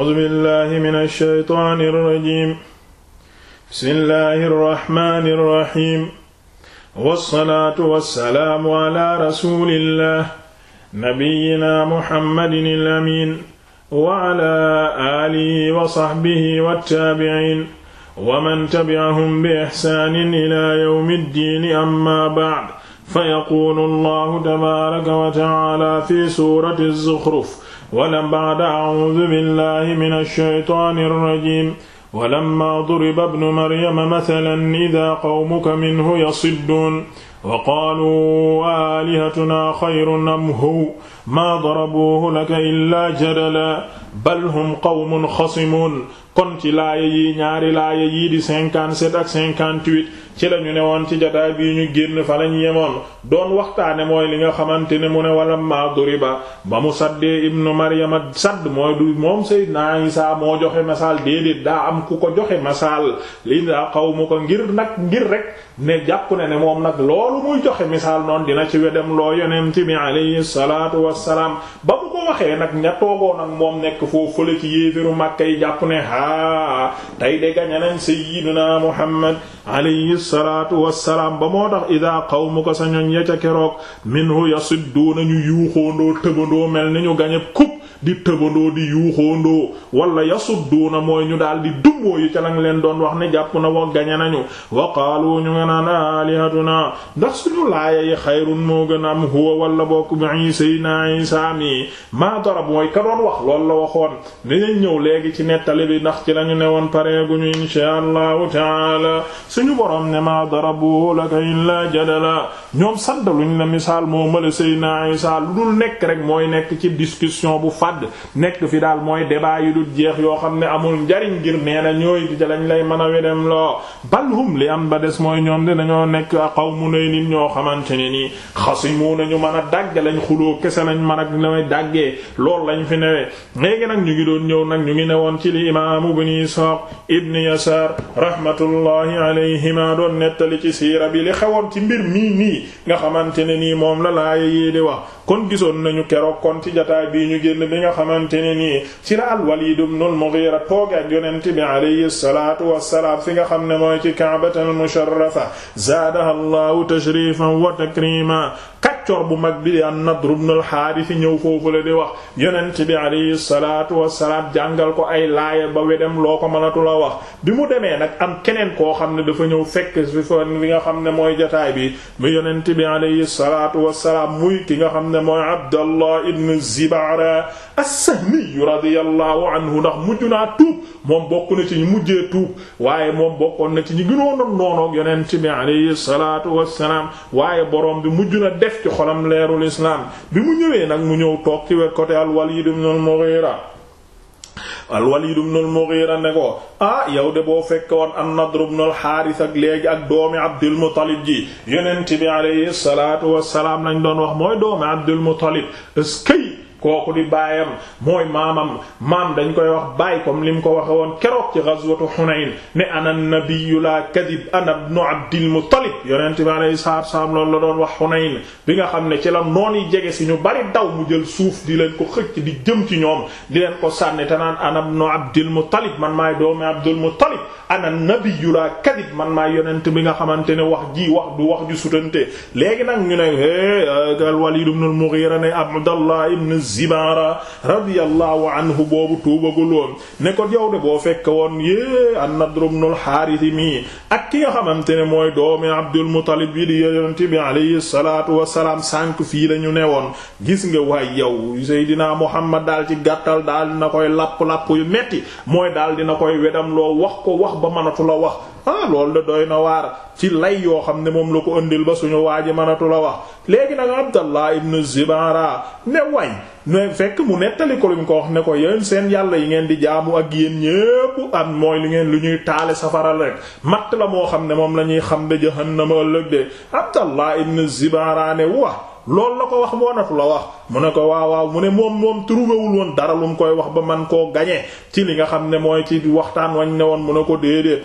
أعوذ بالله من الشيطان الرجيم بسم الله الرحمن الرحيم والصلاة والسلام على رسول الله نبينا محمد الأمين وعلى آله وصحبه والتابعين ومن تبعهم بإحسان إلى يوم الدين أما بعد فيقول الله تبارك وتعالى في سورة الزخرف wala ba'da a'uudu billahi minash shaytaanir rajiim walamma duriba ibnu maryama mathalan idaa qawmuka minhu yasidduun wa qaaluu aalihatunaa xayrun am huwa maa darabuuhu laka illaa jadala bal hum qawmun xasimuun kon ci laaya yi ñaari laaya yii di 57 ak 58 ci la ñu woon ci jataay bii ñu génn fa lañ yemoon doon waxtaane mooy li nga xamante ne mu ne wala maa duriba ba mu saddee ibnu maryama sadd mooy du moom sayyidna Isaa moo joxe masaal déedéet daa am ku ko joxe masaal li daa xaw ko ngir nag ngir rek ne jàpp ne ne moom nag loolu muy joxe misaal noonu dina ci wedem loo yonent bi alayhi salaatu wa wasalaam ba mu ko waxee nag ña toogoon ak moom nekk foofu fële ci yéeféru Makka yi jàpp ne haa tey de gañe nañ sayyidina Muhammad alayhi salaatu salaam ba moo tax ida qawmuka sa ñoñ ya ca keroog minhu na ñu yuuxoondoo tëbandoo mel ni ñu gañe kup di tëbandoo di yuuxoondoo wala yasudduuna mooy ñu daal di dumboo yi ca lañ leen doon wax ne jàpp na wa gañe nañu wa qaalu ñu nga naan alihatuna ndax suñu laaya yi xayrun moo gën am huwa wala bokk bi isa yi na isa mi maa darab mooy ka doon wax loolu la waxoon dinañ ñëw léegi ci nettali bi ndax ci lañu newoon pare guñu insha allahu taala suñu borom ne maa darabu laka illaa jadala ñoom saddaluñ la misaal moo mala sëy na isa lu dul nekk rek mooy nekk ci discussion bu fa Wade nekk fi daal mooy débat yu dul jeex yoo xam ne amul njariñ ngir nee na ñooy di lañ lay mën a wedem loo balhum li am ba des mooy ñoom de dañoo nekk qawmun nit ñoo xamante ne nii xasimuuna ñu mën a dàgge lañ xuloo kese nañ mën ak damay dàggee loolu lañ fi newee léegi nag ñu ngi doon ñëw nag ñu ngi newoon ci li imaamu ibnu Isaaq ibn Yasaar rahmatullahi alayhima doon nettali ci siira bi li xewoon ci mbir mii nii nga xamante nii moom la kon gisoon nañu keroog kon ci jataay bii ñu génn bi nga xamante ne nii ci la al-Walid ibn al-Mughira tooge ak yonent bi alayhi salaatu wassalaam fi nga xam ne mooy ci Ka'batul musharrafa zaadaha Allahu tashrifan wa takrima kàccoor bu mag bi di an-Nadr ibn al fi ñëw foofu la di wax yonent bi alayhi salaatu wassalaam jàngal ko ay laaya ba wedem loo ko mënatula wax bi mu demee nag am keneen koo xam ne dafa ñëw fekk fi fan li nga xam ne mooy jataay bi mu yonent bi alayhi salaatu salaam muy ki nga xam ne mooy Abdallah ibn Zibara as-Sahmi radiyallahu anhu ndax mujj naa tuub moom bokk na ci ñu mujjee tuub waaye moom bokkoon na ci ñu gënoon a noonoog yonent bi salaatu wassalaam waaye borom bi mujj na def ci xolam leerul islaam bi mu ñëwee nag mu ñëw toog ci wet côté al-Walid ibn al-Mughira al-Walid ibn al-Mughira ne ko ah yow de boo fekk woon an-Nadr ibn al-Harith ak léegi ak doomi Abdul Muttalib ji yonent bi alayhi salaatu wassalaam lañ doon wax mooy doomi Abdul Muttalib eskay kooku di baayam mooy maamam maam dañ koy wax bàyyi ko comme li mu ko waxe woon keroog ci ghazwatu Hunayn ne ana nabiyyu la kadib ana ibnu Abdil Muttalib yonent bi alayhi salaatu wassalaam loolu la doon wax Hunayn bi nga xam ne ci la noon yi jege si ñu bari daw mu jël suuf di leen ko xëcc di jëm ci ñoom di leen ko sànni te naan ana ibnu Abdil Muttalib man maay doomi Abdul Muttalib ana nabiyyu la kadib man maay yonent bi nga xamante ne wax ji wax du wax ju sutante léegi nag ñu ne al Walid ibn al Mughira ne Zibara radiyallahu anhu boobu tuubagul woon ne ko yow de boo fekk woon yée an-Nadr ibn al-Harith mi ak ki nga xamante ne mooy doomi Abdul Muttalib bi di yonent bi alayhi salaatu wassalaam sànq fii lañu ne woon gis nga waay yow Seydina Muhammad daal ci gàttal daal dina koy lapp-lapp yu metti mooy daal dina koy wedam loo wax ko wax ba mënatu la wax ah loolu de doy na waar ci lay yoo xam ne moom la ko ëndil ba suñu waa ji mënatu la wax léegi nag Abdallah ibn Zibara ne way ne fekk mu nettali ko luñ ko wax ne ko yéen seen yàlla yi ngeen di jaamu ak yéen am mooy li ngeen lu ñuy taale safara rek matt la moo xam ne moom la ñuy xam de jahannama ëllëg de Abdallah ibn Zibara ne wax loolu la ko wax moonatu la wax mu ne ko waawaaw mu ne moom moom trouvé wul woon dara lu mu koy wax ba man koo gañe ci li nga xam ne mooy ci waxtaan wañ ne woon mu ne ko déedéet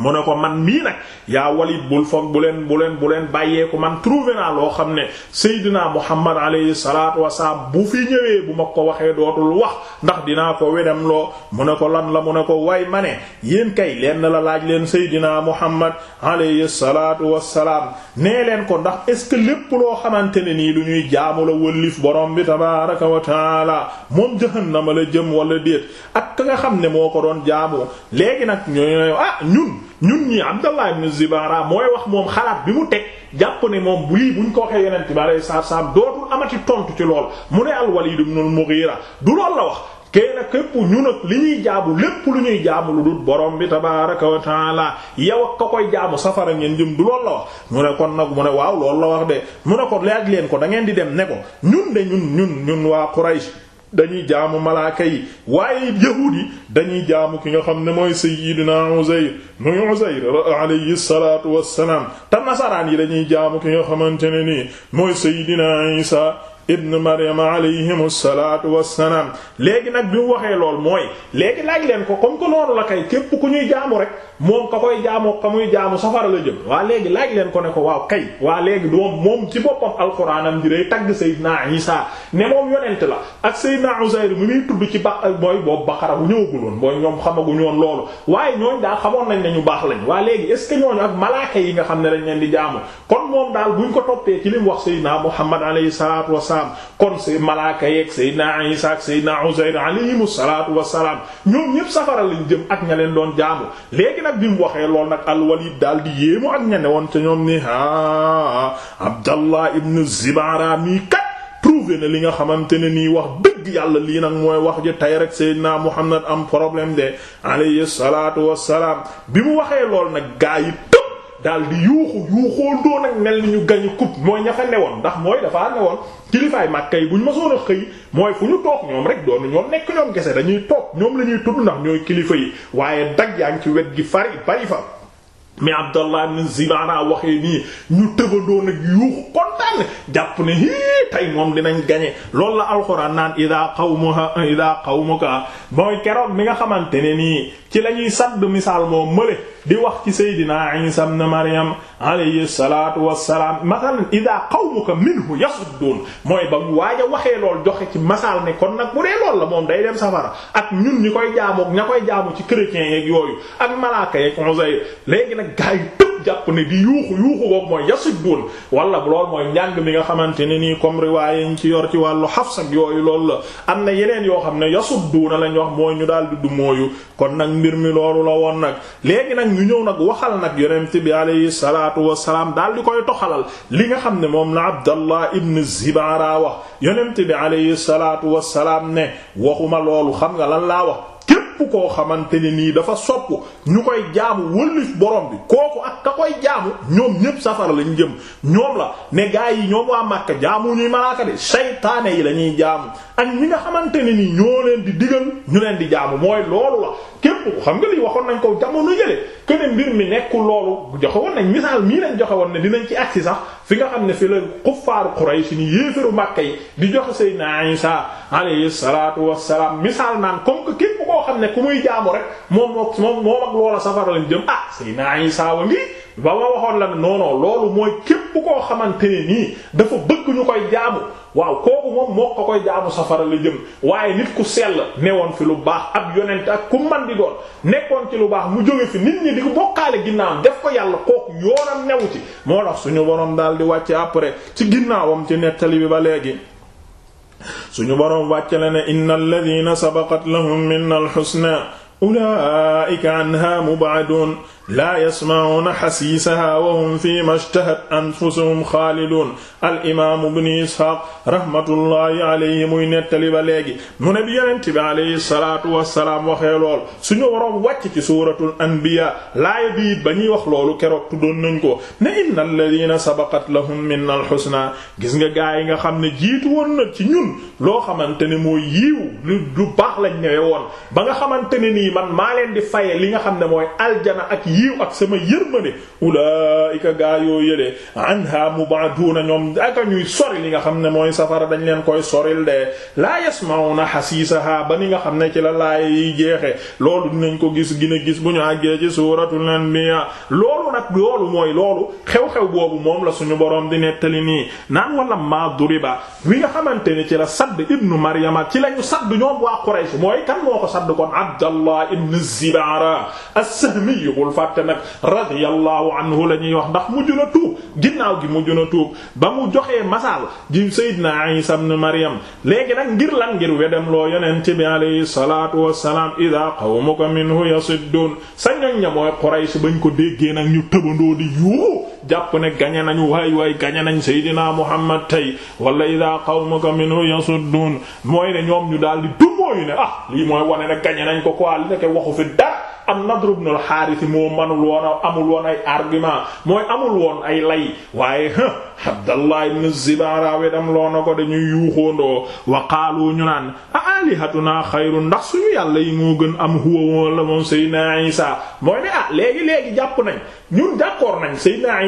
mu ne ko man mii nag yaa Walid bul foog bu leen bu leen bu leen bàyyeeku man trouvé naa loo xam ne Seydina Muhammad alayhi salaatu wasalaam bu fi ñëwee bu ma ko waxee dootul wax ndax dinaa ko wedem loo mu ne ko lan la mu ne ko way ma ne yéen kay leen la laaj leen Seydina Muhammad alayhi salaatu salaam nee leen ko ndax est ce que lépp loo xamante ne nii lu ñuy jaamu la wëllif borom bi tabaaraka wa taala moom ma la jëm wala déet ak ka nga xam ne moo ko doon jaamu léegi nag ñooñu ñun ñii Abdallah ibn Zibara mooy wax moom xalaat bi mu teg jàpp ne moom lii buñ ko waxee yonent bi alayhi salaatu salaam amati tontu ci lool mu ne al-Walid ibn al-Mughira du lool la wax. kee nag képp ñun ak li ñuy jaamu lépp lu ñuy jaamu lu dul borom bi tabaaraka wa taala yow ak ka koy jaamu safara ngeen jëm du loolu la wax mu ne kon nag mu ne waaw lool la wax de mu ne ko laaj leen ko da ngeen di dem ne ko ñun de ñun ñun waa Quraysh dañuy jaamu malaaka waaye yahuud yi dañuy jaamu ki nga xam ne mooy sayyidina Uzayr muy Uzayr alayhi salaatu wassalaam te nasaraan yi dañuy jaamu ki nga xamante ne nii mooy sayyidina Isa ibn Maryam alayhimu salaatu wassalaam léegi nag bi mu waxee lool mooy léegi laaj leen ko comme ko noonu la kay képp ku ñuy jaamu rek moom ka koy jaamoo ka muy jaamu safara la jëm waa léegi laaj leen ko ne ko waaw kay waa léegi doom moom ci boppam alxuraanam ji day tagg Seydina Isa ne moom yonent la ak Seydina Uzayr mi muy tudd ci ba mooy boobu Baqara bu ñëwaguloon mooy ñoom xamagu woon loolu waaye ñooñ daal xamoon nañ ne ñu baax lañ waa léegi est-ce que ñooñu yi nga xam ne dañ leen di jaamu kon moom daal wax Seydina Muhammad salaam kon say malaaka yeeg Seydina Isa ak Seydina Uzayr alayhimu salaatu wa salaam ñoom ñépp safara lañ jëm ak ña leen doon jaamu léegi nag bi mu waxee lool nag al-Walid daal di yéemu ak ña ne woon te ñoom ni ah Abdallah ibn Zibara mi kat trouvé na li nga xamante ne nii wax dëgg yàlla lii nag mooy wax ji tey rek Seydina Muhammad am problème de alayhi salaatu wa salaam bi mu waxee lool nag gaa yi. daal di yuuxu yuuxoo doon ak mel ni ñu gañu coupe mooy ña fa newoon ndax mooy dafaa newoon kilifaay Makka yi bu ñu masoon a xëy mooy fu ñu toog ñoom rek doon ñoom nekk ñoom gese dañuy toog ñoom la ñuy tudd ndax ñooy kilifa yi waaye dag yaa ngi ci wet gi fari bari fa mi Abdallah ibn Zibana waxee nii ñu tëbandoon ak yuuxu kontaan jàpp na ne tey moom dinañ gañe loolu la alxuraan naan ida qawmuha ida qawmuka mooy keroog mi nga xamante ne nii ci la ñuy sadd misaal moo mële di wax ci seydina isa ibn maryam alayhi salatu wasalaam masalan ida qawmuka minhu yasuddun mooy ba mu waaj a waxee lool joxe ci masaal ne kon nag bu dee lool la moom day dem safara ak ñun ñi koy jaamook ña koy jaamu ci chrétiens yeeg yooyu ak malaaka yeeg Uzayr léegi nag gaay ñëpp jàpp ne di yuuxu yuuxu boog mooy yasudduun wala lool mooy njàng mi nga xamante ne nii comme riwaaye ñu ci yor ci wàllu Hafsa yooyu loolu la am na yeneen yoo xam ne yasudduuna lañ wax mooy ñu daal di du mooyu kon nag mbir mi loolu la woon nag léegi nag ñu ñëw nag waxal nag yonent bi alayhi salaatu wassalaam daal di koy toxalal li nga xam ne moom la Abdallah ibn Zibara wax yonent bi alayhi salaatu wassalaam ne waxuma loolu xam nga lan laa wax képp koo xamante ne nii dafa sopp ñu koy jaamu wëllif borom bi kooku ak ka koy jaamu ñoom ñépp safara lañu jëm ñoom la ne gaa yi ñoom waa Makka jaamu ñuy malaaka de saytaane yi la ñuy jaamu ak ñi nga xamante ne nii ñoo leen di digal ñu leen di jaamu mooy loolu la yëpp xam nga lii waxoon nañ ko jamono yële que ne mbir mi nekkul loolu joxe woon nañ misaal mii lañ joxe woon ne dinañ ci agsi sax fi nga xam ne fi la kuffaaru Quraysh ni yéefaru Makka yi di joxe Seydina Isa alayhi salaatu wassalaam misaal naan comme képp koo xam ne ku muy jaamu rek moom moom moom moom ak loola safara jëm ah Seydina Isa wa ba ma waxoon la ne non loolu mooy képp koo xamante ne nii dafa bëgg ñu koy jaamu. waaw kooku moom moo ko koy jaamu safara la jëm waaye nit ku sell newoon fi lu baax ak yonent ak ku man doon nekkoon ci lu baax mu jóge fi nit ñi di bokkaale ginnaaw def ko yàlla kooku yoonam newu ci moo tax suñu borom daal di wàcce après ci ginnaawam ci nettali bi ba léegi suñu borom wàcce la ne innal ladina sabaqat lahum minnal husna ulaa'ika anhaa mub'aduun laa yasma'uuna xasiisahaa wa hum fiimaa ishtahat anfusuhum xaaliduun al imaam ibnu Isxaaq rahmatullahi alayhi muy nettali ba léegi mu ne bi yonent bi alayhi salaatu wa salaam waxee lool suñu waroon wàcc ci suuratul anbiyaa laaya biit ba ñuy wax loolu keroog tuddoon nañ ko ne innal laziina sabaqat lahum minnal husnaa gis nga gaa yi nga xam ne jiitu woon na ci ñun loo xamante ne mooy yiiw lu baax lañ ñëwee woon ba nga xamante ne nii bii man maa leen di faye li nga xam ne mooy aljana ak yiiw ak sama yërmande ulaika gaa yoo yëlee anha mubaduna ñoom aka ñuy sori li nga xam ne mooy safara dañ leen koy soril de laa yasmauna xasiisaha ba ni nga xam ne ci la laaya yi jeexe loolu dinañ ko gis gina gis bu ñu àggee ci suuratul anbiya loolu nag loolu mooy loolu xew-xew boobu moom la suñu boroom di nettali nii naan wala ma duriba wi nga xamante ne ci la sadd ibnu maryama ci lañu sadd ñoom waa quraysh mooy kan moo ko sadd kon abdallah a ibn Zibara as-Sahmi bul fàtte nag radiyallahu anhu la ñuy wax ndax mujj na tuub ginnaaw gi mujj tuub ba mu joxee masal ji Seydina Isa ibn Maryam léegi nag ngir lan ngir wedem loo yonent bi alayhi salaatu wassalaam idaa qawmuka minhu yasiddun sa ñoñ ña mooy Quraysh bañ ko déggee nag ñu tëbandoo di yuuxu jàpp ne gañe nañu waay waay gañe nañ Seydina Muhammad tey wala ida qawmuka minhu yasuddun mooy ñoom ñu daal di dumóoyu ne ah lii mooy wane ne gañe nañ ko ko li nekk waxu fi am Nadr ibn al-Harith moo manul woon amul woon ay argument mooy amul woon ay lay waaye Abdallah ibn Zibara wedam loo na ko dañuy yuuxoondoo wa qaalu ñu naan a alihatuna xayrun ndax suñu yàlla yi moo gën am huwa woon la moom Seydina Isa mooy ne ah léegi léegi jàpp nañ ñun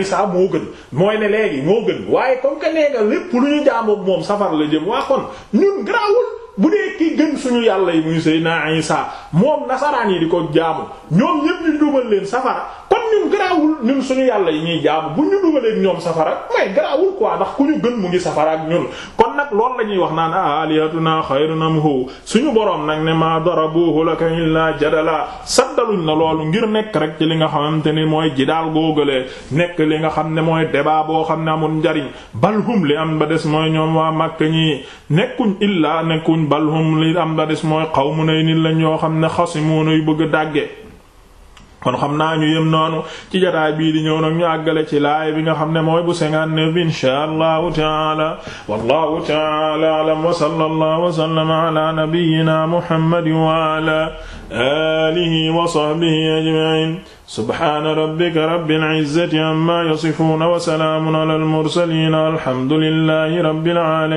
Isa moo gën mooy ne léegi moo waaye comme que nee nga lu ñu jaamook moom safar la jëm waa kon ñun grawul bu dee ki gën suñu yàlla yi muy Seydina Isa moom nasaraan yi di ko jaamu ñoom ñépp ñu dugal leen safara ñun garaawul ñun suñu yàlla yi ñuy jaamu bu ñu dugalee ñoom safara may garaawul quoi ndax ku ñu gën mu ngi safara ñun kon nag loolu la wax naan ah, alihatuna xayrun am hu suñu boroom nag ne ma darabuhu laka illa jadala na loolu ngir nekk rek ci li nga xamante ni mooy ji nekk li nga xam ne mooy débat xam ne amul njariñ balhum li am ba des mooy ñoom waa Makka ñi nekkuñ illaa nekkuñ balhum li am ba des mooy xawmu nay nit lañ yoo xam ne xasimuuna yu bëgg dàgge kon xam naa ñu yem noonu ci jotaay bii di ñëw nag ñu àggale ci laay bi nga xam ne mooy bu 59 insha allahu taala wallahu taala alam wa sallallahu wa sallama ala nabiyyina muhammadin wa ala alihi wa sahbihi ajma'in subhana rabbika rabbil izzati amma yasifun wa salamun ala al mursalin alhamdulillahi rabbil alamin